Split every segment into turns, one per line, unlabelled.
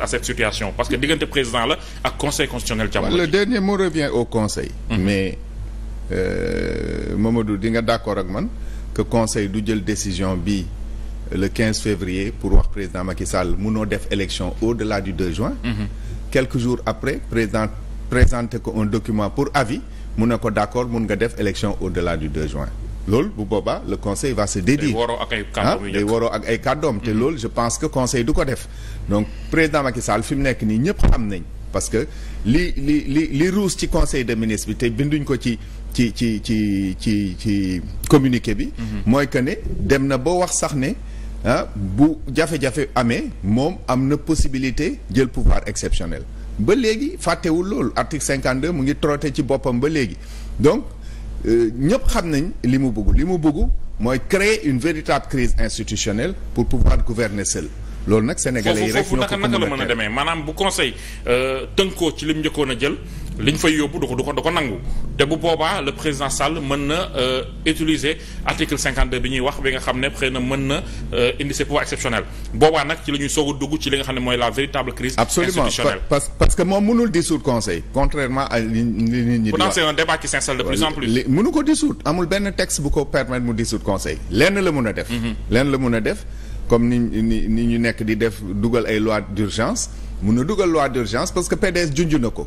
à cette situation parce que diggante président la ak conseil constitutionnel le
dernier mot revient au conseil mhm. mais euh, Mamadou di nga d'accord ak man que conseil du jël décision bi euh, le 15 février pour wax président Macky Sall munoo def élection au-delà du 2 juin mm -hmm. quelques jours après président ko un document pour avis mun na ko d'accord mun nga def élection au-delà du juin loolu bu boobaa le conseil va se dédier
ah day
waroo ak ay kàddoom ah, te mm-hmm. loolu je pense que conseil du ko def donc président Macky Sall fi mu nekk nii ñëpp xam nañ parce que li li li li ruus ci conseil de ministres bi te binduñ ko ci ci ci ci ci ci communiqué bi mm-hmm. mooy que ne dem na boo wax sax ne ah bu jafe-jafe amee moom am na possibilité jël pouvoir exceptionnel ba léegi fàttewul loolu article 52 mu ngi trotté ci boppam ba léegi donc Euh, ñëpp xam nañ li mu bëgg li mu bëgg mooy créer une véritable crise institutionnelle pour pouvoir gouverner seul loolu nag sénégalais yi rek. foofu naka naka la mën a
demee maanaam bu conseil euh, tënkoo ci lim njëkkoon a jël. li ñu fay yóbbu du ko du ko du ko nangu te boobaa le président Sall mën na euh, utiliser article 52 bi ñuy wax bi nga xam ne xëy na mën na euh, indi ses pouvoirs exceptionnels boobaa nag ci la ñuy dugg ci li nga xam ne mooy la véritable crise institutionnelle
parce parce que moom mënul dissoudre conseil contrairement à li nit ñi pourtant c'est
un débat qui s'installe de en plus
mënu ko dissoudre amul benn texte bu ko permettre mu dissoudre conseil lenn la mun a def mhm. lenn la mun a def comme ni ni ni di def dugal ay loi d'urgence mun na dugal loi d'urgence parce que PDS na ko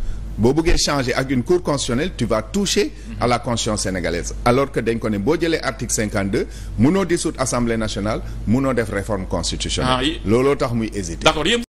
boo bëggee changer ak une cour constitutionnelle tu vas toucher à la constitution sénégalaise alors que dañ ko ne boo jëlee article 52 mënoo dissoudre assemblée nationale mënoo def réforme constitutionnelle ah, looloo tax muy hésiter